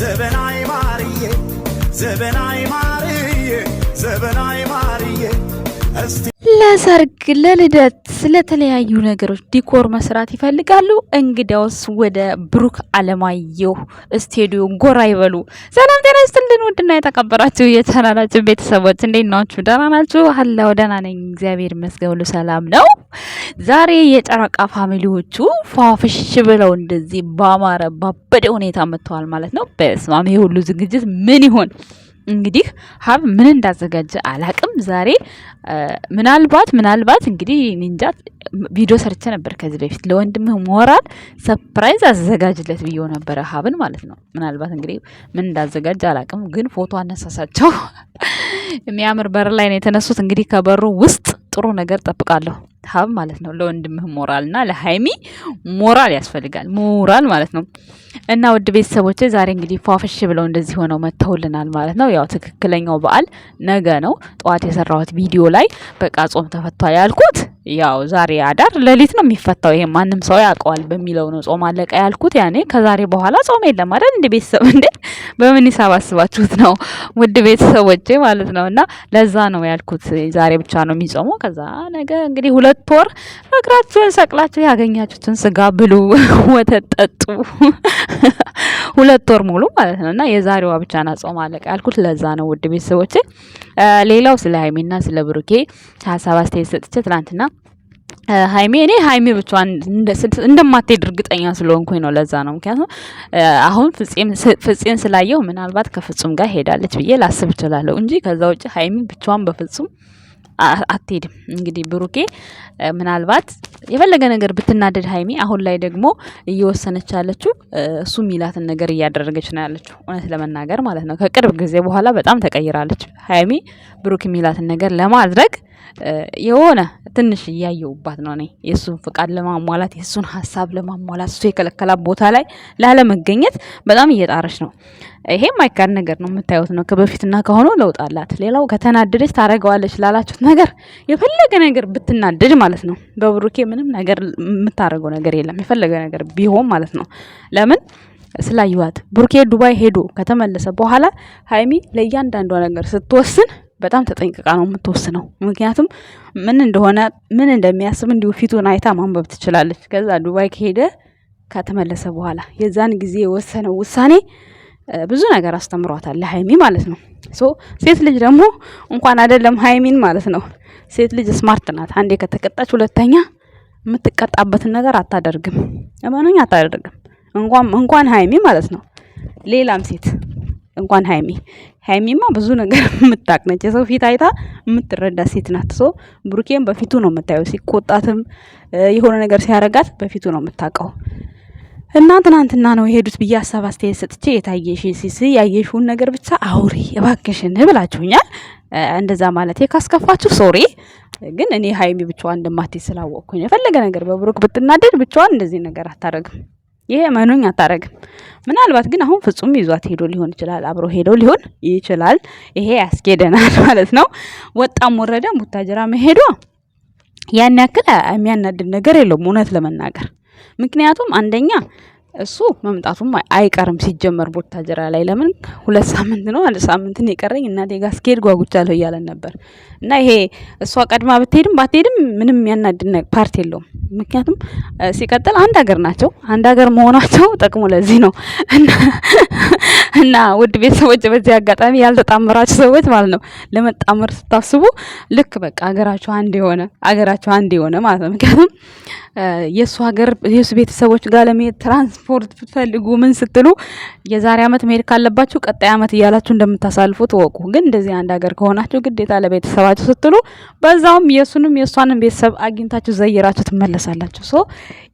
ዘበናይ ማርዬ ዘበናይ ማርዬ ዘበናይ ማርዬ ለሰርግ፣ ለልደት፣ ስለተለያዩ ነገሮች ዲኮር መስራት ይፈልጋሉ። እንግዳውስ ወደ ብሩክ አለማየሁ ስቴዲዮ ጎራ ይበሉ። ሰላም ጤና ይስጥልን ውድና የተከበራችሁ የተናናችሁ ቤተሰቦች እንዴት ናችሁ? ደህና ናችሁ? አለሁ ደህና ነኝ፣ እግዚአብሔር ይመስገን፣ ሁሉ ሰላም ነው። ዛሬ የጨረቃ ፋሚሊዎቹ ፏፍሽ ብለው እንደዚህ በአማረ ባበደ ሁኔታ መጥተዋል ማለት ነው። በስማም ይሄ ሁሉ ዝግጅት ምን ይሆን? እንግዲህ ሀብ ምን እንዳዘጋጀ አላቅም። ዛሬ ምናልባት ምናልባት እንግዲህ ኒንጃ ቪዲዮ ሰርቼ ነበር ከዚህ በፊት ለወንድምህ ሞራል ሰፕራይዝ አዘጋጅለት ብዬ ነበረ ሀብን ማለት ነው። ምናልባት እንግዲህ ምን እንዳዘጋጀ አላቅም፣ ግን ፎቶ አነሳሳቸው የሚያምር በር ላይ ነው የተነሱት። እንግዲህ ከበሩ ውስጥ ጥሩ ነገር ጠብቃለሁ ሀብ ማለት ነው። ለወንድምህ ሞራልና ለሀይሚ ሞራል ያስፈልጋል ሞራል ማለት ነው። እና ውድ ቤተሰቦች ዛሬ እንግዲህ ፏፍሽ ብለው እንደዚህ ሆነው መጥተውልናል ማለት ነው። ያው ትክክለኛው በዓል ነገ ነው። ጠዋት የሰራሁት ቪዲዮ ላይ በቃ ጾም ተፈቷል ያልኩት ያው ዛሬ አዳር ሌሊት ነው የሚፈታው። ይሄ ማንም ሰው ያውቀዋል በሚለው ነው ጾም አለቀ ያልኩት። ያኔ ከዛሬ በኋላ ጾም የለም አይደል? እንደ ቤተሰብ እንዴ በምን ይሰባስባችሁት ነው? ውድ ቤተሰቦቼ ማለት ነው። እና ለዛ ነው ያልኩት ዛሬ ብቻ ነው የሚጾመው። ከዛ ነገ እንግዲህ ሁለት ወር እግራችሁን ሰቅላችሁ ያገኛችሁትን ስጋ ብሉ፣ ወተት ጠጡ። ሁለት ወር ሙሉ ማለት ነው። እና የዛሬዋ ብቻ ናት ጾም አለቀ ያልኩት ለዛ ነው። ውድ ቤተሰቦቼ ሌላው ስለ ሀይሜና ስለ ብሩኬ ሀሳብ አስተያየት ሰጥቼ ትናንትና ሀይሜ እኔ ሀይሜ ብቻዋን እንደማትሄድ እርግጠኛ ስለሆንኩኝ ነው። ለዛ ነው ምክንያቱም አሁን ፍፄን ስላየው ምናልባት ከፍጹም ጋር ሄዳለች ብዬ ላስብ እችላለሁ እንጂ ከዛ ውጭ ሀይሜ ብቻዋን በፍጹም አትሄድም። እንግዲህ ብሩኬ ምናልባት የፈለገ ነገር ብትናደድ ሀይሚ አሁን ላይ ደግሞ እየወሰነች ያለችው እሱ የሚላትን ነገር እያደረገች ነው ያለችው። እውነት ለመናገር ማለት ነው ከቅርብ ጊዜ በኋላ በጣም ተቀይራለች ሀይሚ። ብሩክ የሚላትን ነገር ለማድረግ የሆነ ትንሽ እያየውባት ነው እኔ የእሱን ፍቃድ ለማሟላት የእሱን ሀሳብ ለማሟላት እሱ የከለከላት ቦታ ላይ ላለመገኘት በጣም እየጣረች ነው። ይሄ ማይካድ ነገር ነው፣ የምታዩት ነው። ከበፊትና ከሆኖ ለውጥ አላት። ሌላው ከተናደደች ታደርገዋለች ላላችሁት ነገር የፈለገ ነገር ብትናደድ ማለት ነው በብሩኬ ምንም ነገር የምታደርገው ነገር የለም። የፈለገ ነገር ቢሆን ማለት ነው። ለምን ስላየዋት ቡርኬ ዱባይ ሄዶ ከተመለሰ በኋላ ሀይሚ ለእያንዳንዷ ነገር ስትወስን በጣም ተጠንቅቃ ነው የምትወስነው። ምክንያቱም ምን እንደሆነ ምን እንደሚያስብ እንዲሁ ፊቱን አይታ ማንበብ ትችላለች። ከዛ ዱባይ ከሄደ ከተመለሰ በኋላ የዛን ጊዜ የወሰነው ውሳኔ ብዙ ነገር አስተምሯታል ለሀይሚ ማለት ነው። ሶ ሴት ልጅ ደግሞ እንኳን አይደለም ሀይሚን ማለት ነው። ሴት ልጅ ስማርት ናት። አንዴ ከተቀጣች ሁለተኛ የምትቀጣበትን ነገር አታደርግም። እመኑኝ አታደርግም። እንኳን እንኳን ሀይሚ ማለት ነው ሌላም ሴት እንኳን ሀይሚ ሀይሚማ ብዙ ነገር የምታቅነች የሰው ፊት አይታ የምትረዳ ሴት ናት። ሶ ብሩኬን በፊቱ ነው የምታየው። ሲቆጣትም የሆነ ነገር ሲያረጋት በፊቱ ነው የምታውቀው። እና ትናንትና ነው የሄዱት ብዬ ሀሳብ አስተያየት ሰጥቼ የታየሽ ሲስ ያየሽውን ነገር ብቻ አውሪ እባክሽን ብላችሁኛል። እንደዛ ማለት ካስከፋችሁ ሶሪ። ግን እኔ ሀይሚ ብቻዋን እንደማት ስላወቅኩኝ የፈለገ ነገር በብሩክ ብትናደድ ብቻዋን እንደዚህ ነገር አታረግም። ይሄ መኖኝ አታረግም። ምናልባት ግን አሁን ፍጹም ይዟት ሄዶ ሊሆን ይችላል፣ አብሮ ሄዶ ሊሆን ይችላል። ይሄ ያስኬደናል ማለት ነው። ወጣም ወረደ ቡታጀራ መሄዷ ያን ያክል የሚያናድድ ነገር የለውም እውነት ለመናገር ምክንያቱም አንደኛ እሱ መምጣቱም አይቀርም። ሲጀመር ቦታጀራ ላይ ለምን ሁለት ሳምንት ነው አንድ ሳምንትን የቀረኝ እናቴ ጋር እስክሄድ ጓጉቻለሁ እያለን ነበር እና ይሄ እሷ ቀድማ ብትሄድም ባትሄድም ምንም ያናድነ ፓርት የለውም። ምክንያቱም ሲቀጥል አንድ ሀገር ናቸው። አንድ ሀገር መሆናቸው ጠቅሞ ለዚህ ነው እና ውድ ቤተሰቦች በዚህ አጋጣሚ ያልተጣመራችሁ ሰዎች ማለት ነው ለመጣመር ስታስቡ ልክ በቃ ሀገራችሁ አንድ የሆነ ሀገራችሁ አንድ የሆነ ማለት ነው ምክንያቱም የእሱ ሀገር የእሱ ቤተሰቦች ጋር ለመሄድ ትራንስፖርት ብትፈልጉ ምን ስትሉ የዛሬ ዓመት መሄድ ካለባችሁ ቀጣይ ዓመት እያላችሁ እንደምታሳልፉት ወቁ። ግን እንደዚህ አንድ ሀገር ከሆናችሁ ግዴታ ለቤተሰባችሁ ስትሉ በዛውም የእሱንም የእሷንም ቤተሰብ አግኝታችሁ ዘይራችሁ ትመለሳላችሁ። ሶ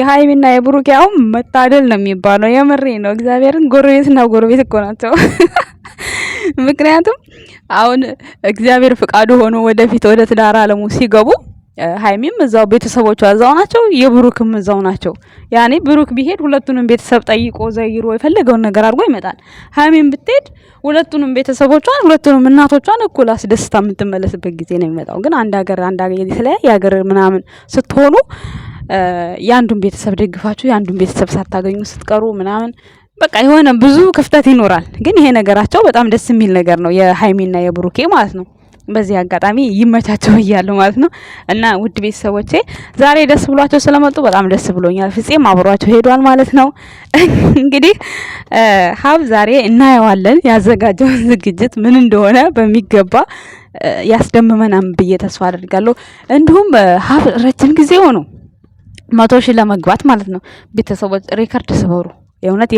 የሀይሚና የብሩክ አሁን መታደል ነው የሚባለው። የምሬ ነው። እግዚአብሔርን ጎረቤትና ጎረቤት እኮ ናቸው። ምክንያቱም አሁን እግዚአብሔር ፍቃዱ ሆኖ ወደፊት ወደ ትዳር አለሙ ሲገቡ ሀይሚም እዛው ቤተሰቦቿ እዛው ናቸው፣ የብሩክም እዛው ናቸው። ያኔ ብሩክ ቢሄድ ሁለቱንም ቤተሰብ ጠይቆ ዘይሮ የፈለገውን ነገር አድርጎ ይመጣል። ሀይሚም ብትሄድ ሁለቱንም ቤተሰቦቿን ሁለቱንም እናቶቿን እኩል አስደስታ የምትመለስበት ጊዜ ነው የሚመጣው። ግን አንድ ሀገር አንድ የተለያየ ሀገር ምናምን ስትሆኑ የአንዱን ቤተሰብ ደግፋችሁ የአንዱን ቤተሰብ ሳታገኙ ስትቀሩ ምናምን በቃ የሆነ ብዙ ክፍተት ይኖራል። ግን ይሄ ነገራቸው በጣም ደስ የሚል ነገር ነው፣ የሀይሚና የብሩኬ ማለት ነው። በዚህ አጋጣሚ ይመቻቸው እያለሁ ማለት ነው። እና ውድ ቤተሰቦቼ ዛሬ ደስ ብሏቸው ስለመጡ በጣም ደስ ብሎኛል። ፍፄም አብሯቸው ሄዷል ማለት ነው። እንግዲህ ሀብ ዛሬ እናየዋለን ያዘጋጀውን ዝግጅት ምን እንደሆነ በሚገባ ያስደምመናም ብዬ ተስፋ አድርጋለሁ። እንዲሁም ሀብ ረጅም ጊዜ ሆኖ መቶ ሺህ ለመግባት ማለት ነው። ቤተሰቦች ሪከርድ ስበሩ የእውነት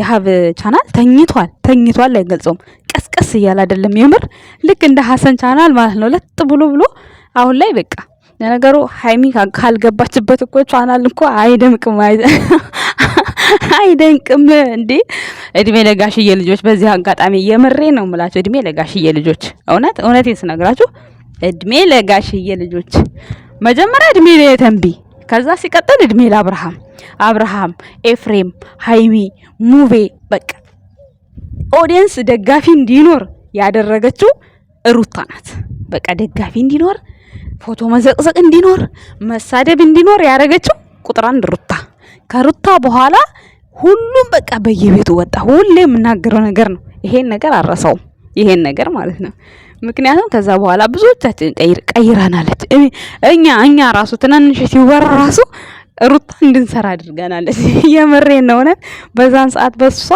የሀብ ቻናል ተኝቷል ተኝቷል፣ አይገልጸውም። ቀስቀስ እያለ አይደለም የምር ልክ እንደ ሀሰን ቻናል ማለት ነው። ለጥ ብሎ ብሎ አሁን ላይ በቃ ለነገሩ ሀይሚ ካልገባችበት እኮ ቻናል እኮ አይደምቅም አይደንቅም እንዴ! እድሜ ለጋሽዬ ልጆች፣ በዚህ አጋጣሚ የምሬ ነው ምላቸው። እድሜ ለጋሽዬ ልጆች፣ እውነት እውነቴን ስነግራችሁ እድሜ ለጋሽዬ ልጆች። መጀመሪያ እድሜ ለየተንቢ ከዛ ሲቀጥል እድሜ ለአብርሃም አብርሃም፣ ኤፍሬም፣ ሀይሚ፣ ሙቤ በቃ ኦዲየንስ ደጋፊ እንዲኖር ያደረገችው ሩታ ናት። በቃ ደጋፊ እንዲኖር ፎቶ መዘቅዘቅ እንዲኖር መሳደብ እንዲኖር ያደረገችው ቁጥር አንድ ሩታ። ከሩታ በኋላ ሁሉም በቃ በየቤቱ ወጣ። ሁሌ የምናገረው ነገር ነው። ይሄን ነገር አረሰውም። ይሄን ነገር ማለት ነው ምክንያቱም ከዛ በኋላ ብዙዎቻችን ቀይራናለች። እኛ እኛ ራሱ ትናንሽ ሲወራ ራሱ ሩታ እንድንሰራ አድርገናለች። የምሬን ነው። እውነት በዛን ሰዓት በሷ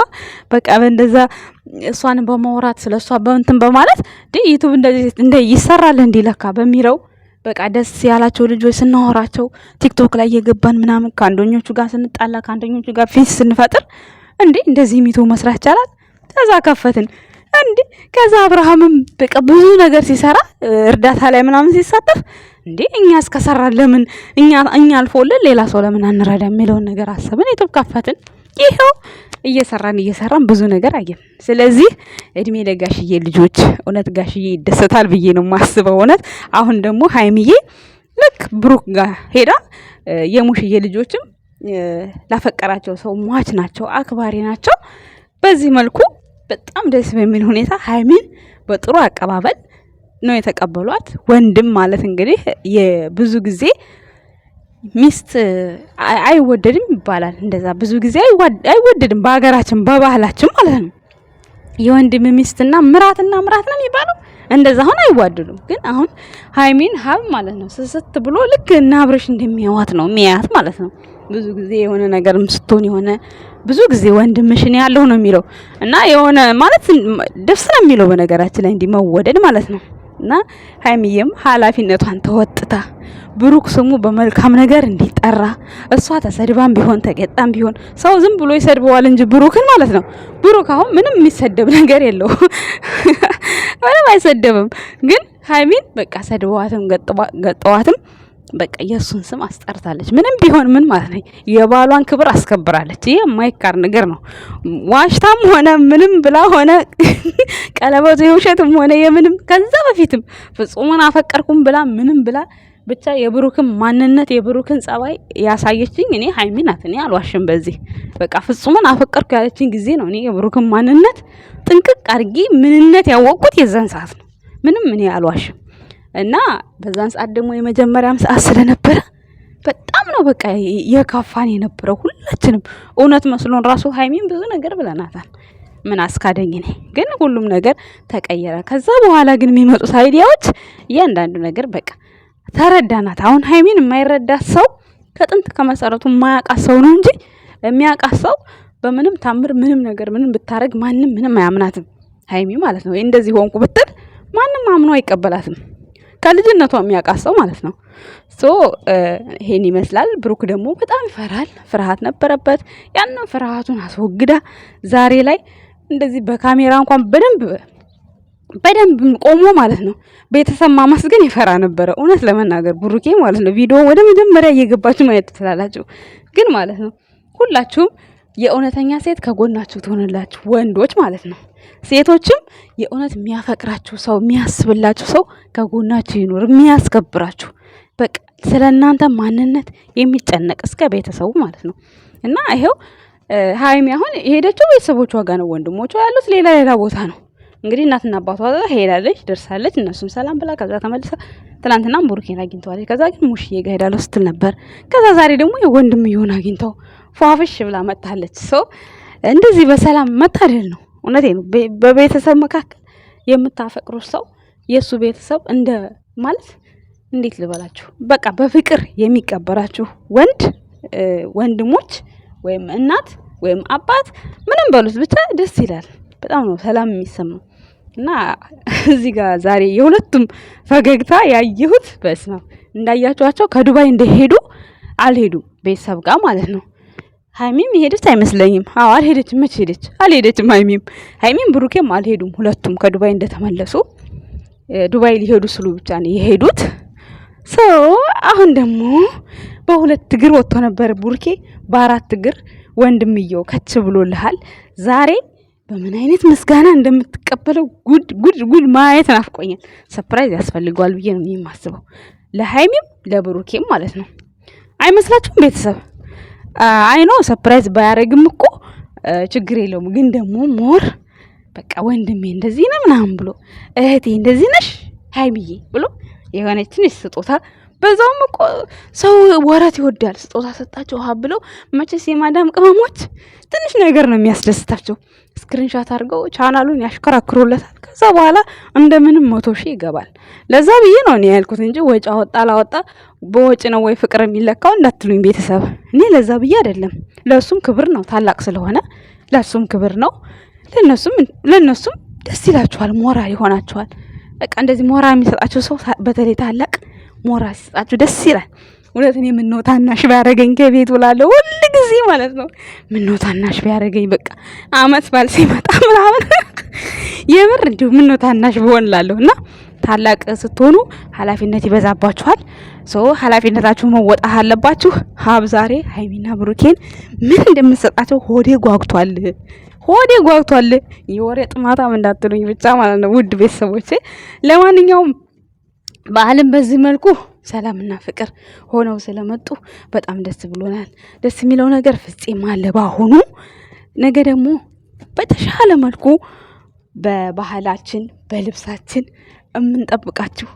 በቃ በእንደዛ እሷን በማውራት ስለ እሷ በእንትን በማለት ዩቱብ እንደ ይሰራል እንዲለካ በሚለው በቃ ደስ ያላቸው ልጆች ስናወራቸው ቲክቶክ ላይ የገባን ምናምን ከአንደኞቹ ጋር ስንጣላ ከአንደኞቹ ጋር ፊት ስንፈጥር እንዴ እንደዚህ ሚቶ መስራት ይቻላል። ከዛ ከፈትን እንዴ ከዛ አብርሃምም በቃ ብዙ ነገር ሲሰራ እርዳታ ላይ ምናምን ሲሳተፍ እንዴ እኛ እስከሰራ ለምን እኛ እኛ አልፎልን ሌላ ሰው ለምን አንረዳ የሚለውን ነገር አሰብን። ዩቱብ ከፈትን። ይኸው እየሰራን እየሰራን ብዙ ነገር አየን። ስለዚህ እድሜ ለጋሽዬ ልጆች እውነት ጋሽዬ ይደሰታል ብዬ ነው የማስበው። እውነት አሁን ደግሞ ሀይሚዬ ልክ ብሩክ ጋር ሄዳ የሙሽዬ ልጆችም ላፈቀራቸው ሰው ሟች ናቸው፣ አክባሪ ናቸው። በዚህ መልኩ በጣም ደስ በሚል ሁኔታ ሀይሚን በጥሩ አቀባበል ነው የተቀበሏት። ወንድም ማለት እንግዲህ የብዙ ጊዜ ሚስት አይወደድም ይባላል። እንደዛ ብዙ ጊዜ አይወደድም በሀገራችን በባህላችን ማለት ነው። የወንድም ሚስትና ምራትና ምራት ነው የሚባለው እንደዛ አሁን አይዋደዱም፣ ግን አሁን ሀይሚን ሀብ ማለት ነው ስስት ብሎ ልክ እና አብረሽ እንደሚያዋት ነው የሚያያት ማለት ነው። ብዙ ጊዜ የሆነ ነገርም ስትሆን የሆነ ብዙ ጊዜ ወንድምሽን ያለው ነው የሚለው እና የሆነ ማለት ደስ ነው የሚለው በነገራችን ላይ እንዲህ መወደድ ማለት ነው። እና ሀይሚዬም ኃላፊነቷን ተወጥታ ብሩክ ስሙ በመልካም ነገር እንዲጠራ እሷ ተሰድባም ቢሆን ተገጣም ቢሆን ሰው ዝም ብሎ ይሰድበዋል እንጂ ብሩክን ማለት ነው። ብሩክ አሁን ምንም የሚሰደብ ነገር የለው ምንም አይሰደብም። ግን ሀይሚን በቃ ሰድበዋትም ገጠዋትም በቃ የእሱን ስም አስጠርታለች። ምንም ቢሆን ምን ማለት ነው የባሏን ክብር አስከብራለች። ይሄ የማይካር ነገር ነው። ዋሽታም ሆነ ምንም ብላ ሆነ ቀለበቱ የውሸትም ሆነ የምንም ከዛ በፊትም ፍጹምን አፈቀርኩም ብላ ምንም ብላ ብቻ የብሩክን ማንነት የብሩክን ጸባይ ያሳየችኝ እኔ ሀይሚ ናት። እኔ አልዋሽም። በዚህ በቃ ፍጹምን አፈቀርኩ ያለችኝ ጊዜ ነው። እኔ የብሩክን ማንነት ጥንቅቅ አድርጌ ምንነት ያወቅኩት የዛን ሰዓት ነው። ምንም እኔ አልዋሽም። እና በዛን ሰዓት ደግሞ የመጀመሪያም ሰዓት ስለነበረ በጣም ነው በቃ የካፋን የነበረው ሁላችንም እውነት መስሎን ራሱ ሀይሚን ብዙ ነገር ብለናታል። ምን አስካደኝ እኔ ግን ሁሉም ነገር ተቀየረ። ከዛ በኋላ ግን የሚመጡት አይዲያዎች እያንዳንዱ ነገር በቃ ተረዳናት። አሁን ሀይሚን የማይረዳት ሰው ከጥንት ከመሰረቱ የማያውቃት ሰው ነው እንጂ የሚያውቃት ሰው በምንም ታምር ምንም ነገር ምንም ብታረግ ማንም ምንም አያምናትም። ሀይሚ ማለት ነው እንደዚህ ሆንኩ ብትል ማንም አምኖ አይቀበላትም። ከልጅነቷ የሚያውቃት ሰው ማለት ነው። ሶ ይሄን ይመስላል። ብሩክ ደግሞ በጣም ይፈራል፣ ፍርሃት ነበረበት። ያንን ፍርሃቱን አስወግዳ ዛሬ ላይ እንደዚህ በካሜራ እንኳን በደንብ በደንብ ቆሞ ማለት ነው። ቤተሰብ ማመስገን ይፈራ ነበረ፣ እውነት ለመናገር ብሩኬ ማለት ነው። ቪዲዮ ወደ መጀመሪያ እየገባችሁ ማየት ትችላላችሁ። ግን ማለት ነው ሁላችሁም የእውነተኛ ሴት ከጎናችሁ ትሆንላችሁ፣ ወንዶች ማለት ነው። ሴቶችም የእውነት የሚያፈቅራችሁ ሰው የሚያስብላችሁ ሰው ከጎናችሁ ይኖር የሚያስከብራችሁ በቃ ስለ እናንተ ማንነት የሚጨነቅ እስከ ቤተሰቡ ማለት ነው። እና ይሄው ሀይሚ አሁን የሄደችው ቤተሰቦቿ ጋር ነው፣ ወንድሞቿ ያሉት ሌላ ሌላ ቦታ ነው። እንግዲህ እናትና አባቷ ሄዳለች፣ ደርሳለች። እነሱም ሰላም ብላ ከዛ ተመልሳ ትናንትናም ብሩኬን አግኝተዋለች። ከዛ ግን ሙሽዬ ጋር ሄዳለሁ ስትል ነበር። ከዛ ዛሬ ደግሞ የወንድም ይሆን አግኝተው ፏፍሽ ብላ መጣለች። ሶ እንደዚህ በሰላም መታደል ነው። እውነቴ ነው። በቤተሰብ መካከል የምታፈቅሩ ሰው የእሱ ቤተሰብ እንደ ማለት እንዴት ልበላችሁ፣ በቃ በፍቅር የሚቀበራችሁ ወንድ ወንድሞች ወይም እናት ወይም አባት ምንም በሉት ብቻ ደስ ይላል። በጣም ነው ሰላም የሚሰማው። እና እዚህ ጋር ዛሬ የሁለቱም ፈገግታ ያየሁት በስመ አብ እንዳያችኋቸው ከዱባይ እንደሄዱ አልሄዱም ቤተሰብ ጋር ማለት ነው። ሀይሚም ሄደች አይመስለኝም። አዎ አልሄደችም። መች ሄደች? አልሄደችም። ሀይሚም ሀይሚም ብሩኬም አልሄዱም። ሁለቱም ከዱባይ እንደተመለሱ ዱባይ ሊሄዱ ስሉ ብቻ ነው የሄዱት። ሶ አሁን ደግሞ በሁለት እግር ወጥቶ ነበር ቡርኬ፣ በአራት እግር ወንድምየው ከች ብሎልሃል ዛሬ በምን አይነት ምስጋና እንደምትቀበለው ጉድ ጉድ ጉድ ማየት ናፍቆኛል። ሰፕራይዝ ያስፈልገዋል ብዬ ነው የማስበው ለሀይሚም ለብሩኬም ማለት ነው። አይመስላችሁም ቤተሰብ? አይኖ ሰፕራይዝ ባያደረግም እኮ ችግር የለውም። ግን ደግሞ ሞር በቃ ወንድሜ እንደዚህ ነው ምናምን ብሎ እህቴ እንደዚህ ነሽ ሀይሚዬ ብሎ የሆነች ትንሽ ስጦታ በዛውም እኮ ሰው ወረት ይወዳል። ስጦታ ሰጣቸው ሀ ብለው መቼስ የማዳም ቅመሞች ትንሽ ነገር ነው የሚያስደስታቸው። ስክሪንሻት አድርገው ቻናሉን ያሽከራክሩለታል። ከዛ በኋላ እንደምንም መቶ ሺህ ይገባል። ለዛ ብዬ ነው እኔ ያልኩት እንጂ ወጪ አወጣ ላወጣ በወጪ ነው ወይ ፍቅር የሚለካው እንዳትሉኝ ቤተሰብ። እኔ ለዛ ብዬ አይደለም። ለእሱም ክብር ነው ታላቅ ስለሆነ ለእሱም ክብር ነው። ለእነሱም ደስ ይላችኋል፣ ሞራል ይሆናችኋል። በቃ እንደዚህ ሞራል የሚሰጣቸው ሰው በተለይ ታላቅ ሞራ ሲሰጣችሁ ደስ ይላል። እውነት እኔ ምነው ታናሽ ከቤት ውላለሁ ሁል ጊዜ ማለት ነው። ምነው ታናሽ በቃ አመት ባል ሲመጣ ምናምን የምር እንዲሁ ምነው ታናሽ ብሆን እላለሁ እና ታላቅ ስትሆኑ ኃላፊነት ይበዛባችኋል። ሶ ኃላፊነታችሁ መወጣት አለባችሁ። ሀብ ዛሬ ሀይሚና ብሩኬን ምን እንደምሰጣቸው ሆዴ ጓግቷል፣ ሆዴ ጓግቷል። የወሬ ጥማታም እንዳትሉኝ ብቻ ማለት ነው ውድ ቤተሰቦቼ ለማንኛውም በዓልን በዚህ መልኩ ሰላምና ፍቅር ሆነው ስለመጡ በጣም ደስ ብሎናል። ደስ የሚለው ነገር ፍጼም አለ ባሁኑ ነገ ደግሞ በተሻለ መልኩ በባህላችን በልብሳችን የምንጠብቃችሁ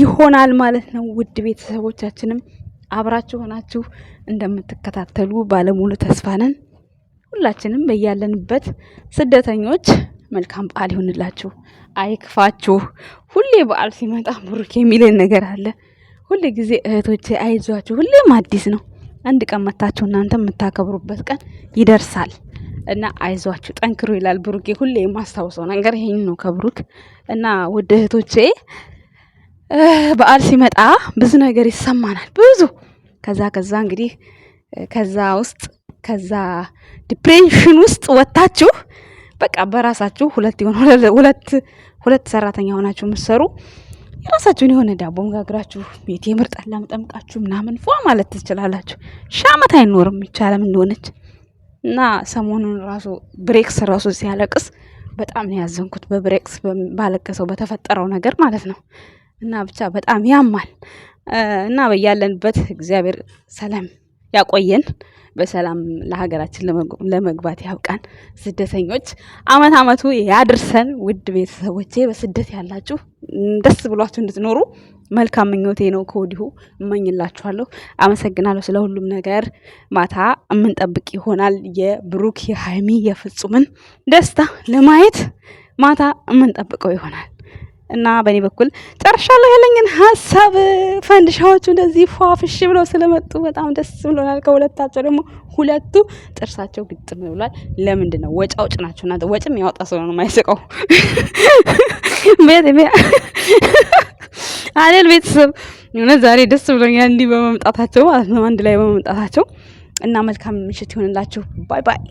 ይሆናል ማለት ነው። ውድ ቤተሰቦቻችንም አብራችሁ ሆናችሁ እንደምትከታተሉ ባለሙሉ ተስፋ ነን። ሁላችንም በያለንበት ስደተኞች መልካም በዓል ይሁንላችሁ፣ አይክፋችሁ። ሁሌ በዓል ሲመጣ ብሩክ የሚልን ነገር አለ። ሁሌ ጊዜ እህቶቼ አይዟችሁ፣ ሁሌም አዲስ ነው። አንድ ቀን መታችሁ እናንተ የምታከብሩበት ቀን ይደርሳል እና አይዟችሁ፣ ጠንክሩ ይላል ብሩኬ። ሁሌ የማስታውሰው ነገር ይሄን ነው ከብሩክ እና ውድ እህቶቼ በዓል ሲመጣ ብዙ ነገር ይሰማናል። ብዙ ከዛ ከዛ እንግዲህ ከዛ ውስጥ ከዛ ዲፕሬሽን ውስጥ ወጥታችሁ በቃ በራሳችሁ ሁለት የሆነ ሁለት ሁለት ሰራተኛ ሆናችሁ የምትሰሩ የራሳችሁን የሆነ ዳቦም ጋግራችሁ ቤት የምርጥ አላም ጠምቃችሁ ምናምን ፏ ማለት ትችላላችሁ። ሻመት አይኖርም ይቻለም እንደሆነች እና ሰሞኑን ራሱ ብሬክስ ራሱ ሲያለቅስ በጣም ነው ያዘንኩት። በብሬክስ ባለቀሰው በተፈጠረው ነገር ማለት ነው እና ብቻ በጣም ያማል እና በያለንበት እግዚአብሔር ሰላም ያቆየን። በሰላም ለሀገራችን ለመግባት ያብቃን። ስደተኞች አመት አመቱ ያድርሰን። ውድ ቤተሰቦቼ በስደት ያላችሁ ደስ ብሏችሁ እንድትኖሩ መልካም ምኞቴ ነው። ከወዲሁ እመኝላችኋለሁ። አመሰግናለሁ ስለ ሁሉም ነገር። ማታ የምንጠብቅ ይሆናል የብሩክ የሀይሚ የፍጹምን ደስታ ለማየት ማታ የምንጠብቀው ይሆናል። እና በእኔ በኩል ጨርሻለሁ። ያለኝን ሀሳብ ፈንድሻዎቹ እንደዚህ ፏፍሽ ብለው ስለመጡ በጣም ደስ ብሎናል። ከሁለታቸው ደግሞ ሁለቱ ጥርሳቸው ግጥም ብሏል። ለምንድን ነው ወጪ አውጭ ናቸው እናንተ። ወጭም ያወጣ ስለሆነ ነው የማይስቀው አለል ቤተሰብ የሆነ ዛሬ ደስ ብሎኛል እንዲህ በመምጣታቸው ማለት ነው አንድ ላይ በመምጣታቸው እና መልካም ምሽት ይሆንላችሁ። ባይ ባይ